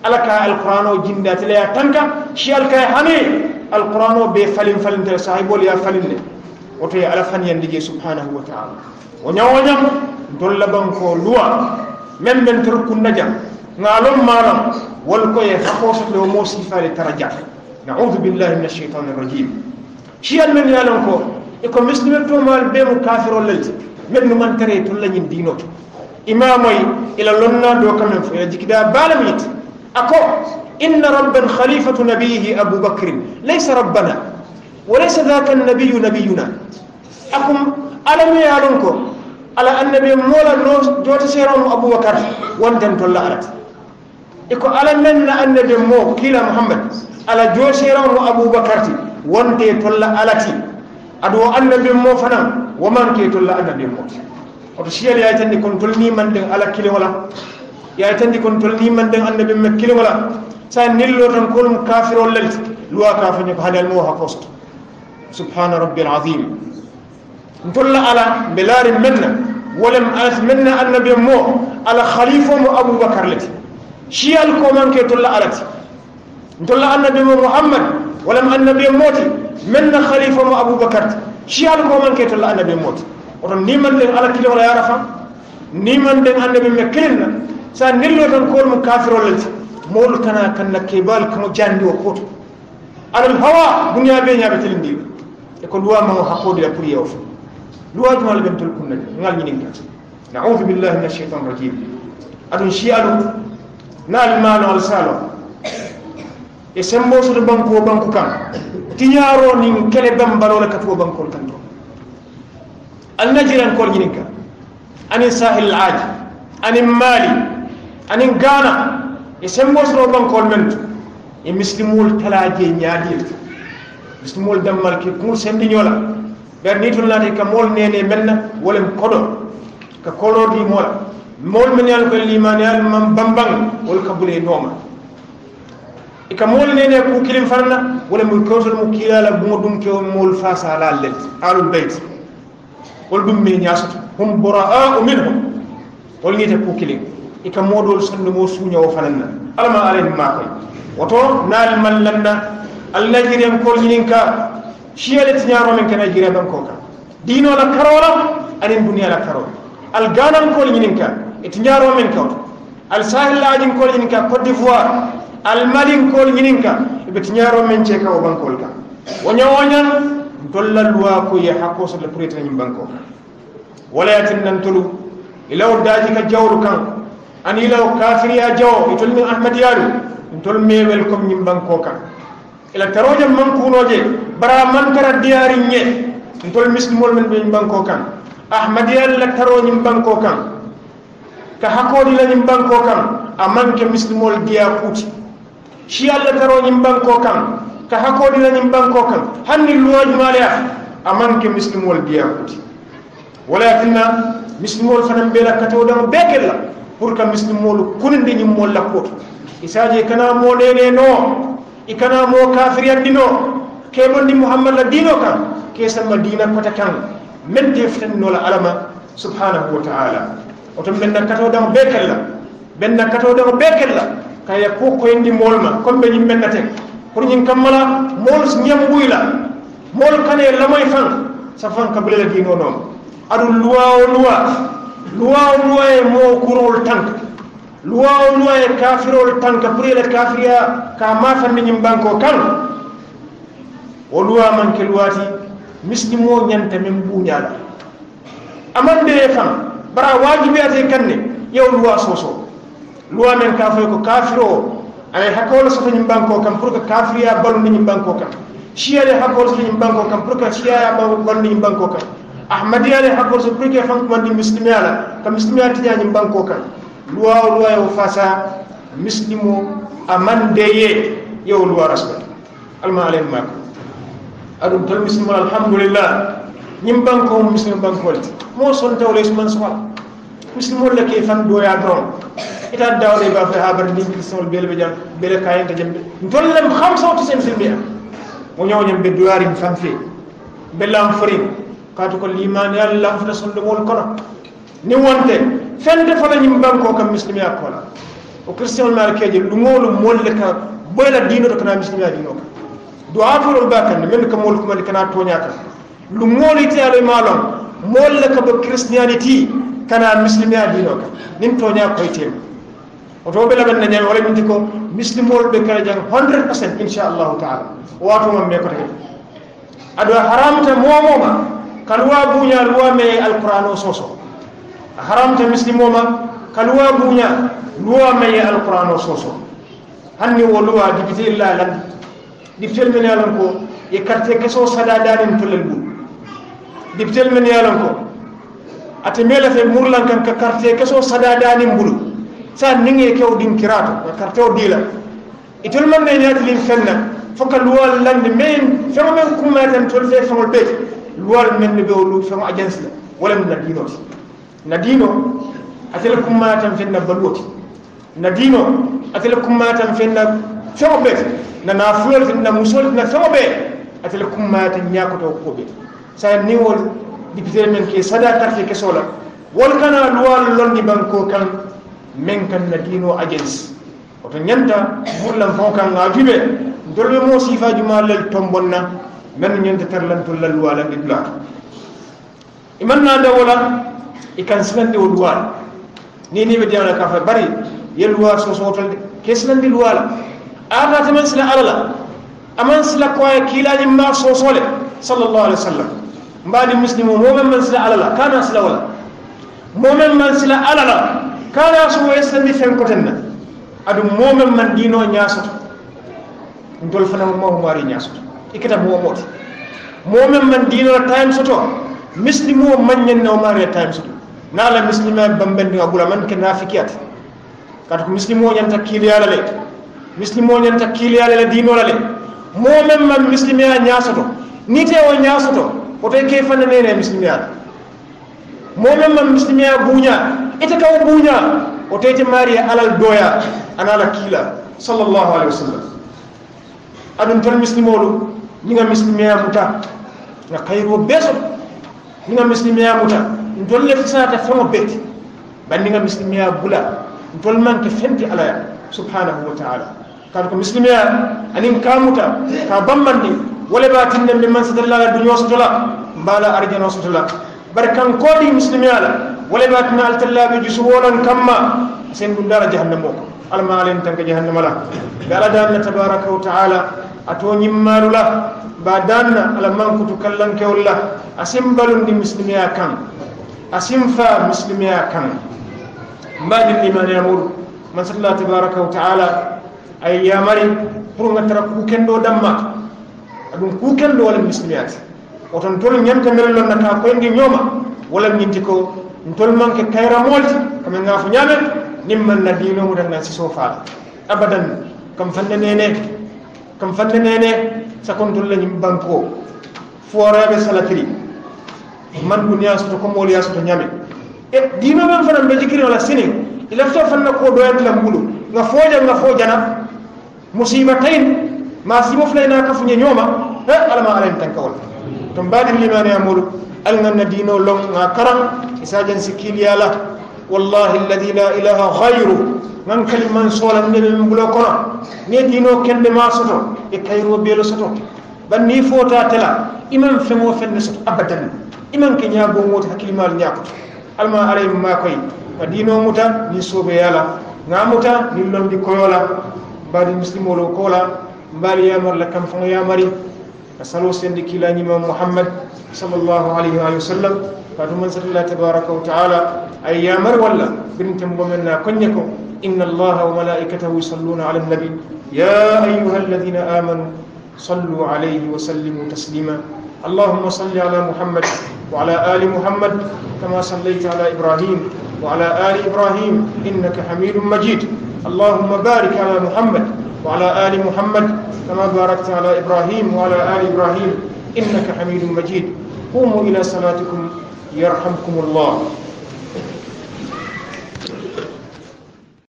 ala ka alqur'ano jindi atele ya tanka ci alka hane alqur'ano be falin falin tel sahibol ya falin ne woto ya ala fan yandi subhanahu wa ta'ala wonya wonya dolla banko luwa men men tor kunna jam ngalom maram wal ko e hako so do mo sifare taraja na'udhu billahi minash shaitanir rajim shi al men yalan ko e ko muslimen to mal be mo kafiro lelti men no man tare to lanyin dino to imamoy ila lonna do kamen fo ya jikida balam yit ako inna rabban khalifatu nabiyhi abu bakr laysa rabbana وليس ذاك النبي نبينا أكم ألم يعلمكم ala annabi mola no joti seram abubakar wonten to laarat iko ala men na annabi mo kila muhammad ala joti seram abubakar ti wonte to laalati ado annabi mo fana waman ke to la annabi mo oto siyal yaay tan kon tol ni man den ala kile wala yaay tan kon tol ni man den annabi me kile wala sa nillo tan kolum kafirol lalti luwa kafirni ko hadal mo ha post subhana rabbil azim ntolla ala belari menna wolem alas menna annabi mo ala khalifa mo abubakar lati shiyal ko manke tolla alati ntolla annabi mo muhammad wolem annabi moti menna khalifa mo abubakar shiyal ko manke tolla annabi moti oto ni man den ala kilo wala yarafa ni man den annabi me kelna sa nillo tan ko mo kafiro lati molu kana kanna kebal kamo jandi o koto alal hawa dunya be nyaabe telindi e ko duwa mo hakodi la pour yow لواد ما لم تلك النجاة نال نعم، من نعم. الناس نعوذ بالله من الشيطان الرجيم أدون شيء أدون نال نعم، المال والسالة يسمو سر بنك وبنك كان تنيارو نين كلي بن بلو لك فو بنك وكان النجرة نقول جنكا أن الساحل العاج أن المالي أن غانا يسمو سر بنك والمنت يمسلمو التلاجي نياديل مسلمو الدمال كي كون سندي نيولا bar ni tun lati ka mol nene menna wala kodo ka kolo di mola mol men yal ko liman yal man bambang wala ka bule noma ika mol nene ku kilim farna wala mu kawsul mu kilala bu dum ke mol fasa la lel alul bayt wala dum me nyaasatu hum bura'a minhum wala ni te ku kilim ika modol sanne mo suño o fananna alama alen ma koy woto naal man lanna allah jirem ko yinin ka shiyale tiñaaro men kana jire ɗon ko kan diino la karola anin duniya la karola al ganan kol ñinin ka e tiñaaro men kawta al sahil laajin kol ñinin ka côte d'ivoire al malin kol ñinin ka eɓe tiñaaro men ce kawo bankol kan wo ñawoñan dolla luwa ko ye hakko sotle pour yetana ñim banko walayatin nan tolu ilaw daaji ka jawru kan an ilaw kafiriya jawo itol min ahmadiyaaru tol mewel comme ñim banko kan ila taroñol mankunoje bara mankara diyari ñe ntol mislimol men ɓe banko kan ahmadiyal la taroñim banko kan ka hakkodi lañim banko kan a manke mislimol diya kuuti siyal la taroñim banko kan ka hakkodi lañim banko kan hanni luwojumaleya a manke mislimol diya kuuti walakinna mislimol fanan ɓe lakkatodama bekella pour que mislimolu kuninde ñimmol lakkoto isaji kana moɗene no ikana mo kafiriya dino ke mondi muhammad la dino kan ke sama dina kota kan men te ften no la alama subhanahu wa ta'ala oto men na kato dang bekella ben na kato dang bekella kaya ko ko indi molma kombe nyim men na tek pour ñing kamala mol ñam buyla mol kané lamay fan sa fan ka bele dino non adu luwa luwa luwa luwa mo kurol tank luwa o luwa ye kafirol tanka pour yele kafiriya ka mafandi ñim banko kan o luwa manke luwaati misilimo ñanta min buuñala amandere fan bara waajibiyate kanne yew luwa soso luwa men ka foy ko kafiro o aye hakkowole soto ñim banko kam pour que kafiriya ballude ñim banko kam siyale hakkowole soto ñim banko kam pour que siyaya ballude ñim banko kam ahmadiyale hakkowole so pour que fankumandi misilimeyala ka misilimeyatiñañim banko kam luwa luwa yo fasa muslimu amandeye yo luwa rasbat alma alayhi mak adum tal muslimu alhamdulillah ñim banko muslimu banko walti mo son tawle suman suwa muslimu la ke fan doya don ita dawle ba fa habar ni sol bel be jam bel kayen ta jambe ndol lam khamsa to sen filmiya mo ñaw ñam be duwarim fan fi be lam forim katu ko liman yalla lam fa son de mol kono ni wonte fende fana ñim banko kam muslimiya kola o christian mar keje lumolu molle ka boyla dino to kana muslimiya dino ka du'a furul bakan men ka mol kuma kana tonya ka lumoli tiyalo malon molle ka bo christianity kana muslimiya dino ka nin tonya koyte o to be laban nanyam wala min ko muslimol be kala jang 100% inshallah ta'ala wato mam me ko te ado haramta momoma kan wa bunya ruwa me alqur'ano soso haramta misilimo ma ka luwa buña luwa maye alqur'ano soso hanni wo luwa dibiteel la lan dibiteel men yalan ko ye karte keso sada danin tolel bu dibiteel men yalan ko ate mele fe murlan kan ka karte keso sada danin bulu sa ninge kew din kirato ka karte o dila itul man ne nyaati lin fenna foka luwa lan men fema men kuma tan tolfe fama bet luwa men be o lu fama agence la wala men la dinos Nadino, dino atele kummatan fenna baluwoti Nadino, dino atele kummatan fenna feŋo bete na naafulol fenna musol na feŋo bee atele kummatan ñakoto ko bete saya niwol dipitere men ke sada tarte keso la wol kana luwal londi banko kan men kan na dino agensi oto ñanta burlan faŋo kan ŋa jube mo sifaji ma lel tombonna men ñanta tarlantol la luwalandi dulato iman na dawola ikan kan silandi wo luwa ni ni be diyana ka bari ye luwa so so tol ke silandi luwa la ata tamen sila ala aman sila ko ay kila ni ma so so le sallallahu alaihi wasallam mbadi muslimu mo men man sila ala kana sila wala mo men man sila ala kana so wo silandi fen ko tenna adu mo men man dino nyaasoto ndol fana mo mo mari nyaasoto ikita mo mo mo men man dino time soto mislimu o mañanne o maaro times ɗum naala misilima bambendi a ɓura man ke nafikiyata kadi ko misilimu o ñanta kiiliyaala le misilimu o ñanta kiiliyala le la le moo momen man misilimiya ñaasoto nite o ñaasoto oto ke fande nene moo momen ma misilimiya buuña ite kawo buuña oto ite maariya alal doya la kiila sallllahu alayhi wa sallam aɗum tan misilimoɗu ñiga misilimiya muta na nga bee soto ninga misilimiya muta ntol le fisanata feŋo beti bari ninga misilimiya bula ntol manke fenti ala ya subhanahu wa taala kaatu ko misilimiya aniŋ ka muta ka bammandi wole ba tinne mbe man sitalla la duñoo soto la mbala arjanoo soto la bari kaŋ koodi misilimiya la wole ba tinna altallaabe jusuwolan kamma sen dundara jahannamo ko alama alen tanka jahannama la be ala daanna tabaraka wa taala atoñimmalula badanna ala mankutu kallankewol la asin balundi misilimeya kan asin fa misilimeya kan mbadin limaniyamolu man satla tabaraka wa taala ay yamari pour nga tara kukendo dammata aɗum kukendo wala misilimeyata oton tol ñamta mellon koyndi ñooma wala ñinti ko ntol manke kayramolti kame ngafo ñamen nimman na diinomudan na siso faala abadan kam fannanene kam fande nene sakon dul lañu banko forabe salatiri man dunya su ko mol ya su nyame e dino man fanam be jikri wala sinin ila to fanna ko do yat lambulu nga foja nga fojana musibatayn ma simo flayna ka funya nyoma e alama alayim tankawal tum badin limani amuru alna dino long nga karam isajan sikili yala والله الذي لا اله غيره من كلمه من صول النبي من بلوكنا ندينو كن بما سطو يكيرو بيلو سطو بني فوتا تلا امام فمو فن سطو ابدا امام كنيا بو موت حكي مال نياكو الما اري ما كوي دينو موتا ني سوبي يالا ناموتا ني لوم دي كولا بعد المسلم ولو كولا مال يامر لكم فن يامري صلوا سيدنا محمد صلى الله عليه وسلم فاتو من سر الله تبارك وتعالى ay yamar walla bintem bomenna ان الله وملائكته يصلون على النبي يا ايها الذين امنوا صلوا عليه وسلموا تسليما اللهم صل على محمد وعلى آل محمد كما صليت على إبراهيم وعلى آل إبراهيم إنك حميد مجيد اللهم بارك على محمد وعلى آل محمد كما باركت على إبراهيم وعلى آل إبراهيم إنك حميد مجيد قوموا إلى صلاتكم يرحمكم الله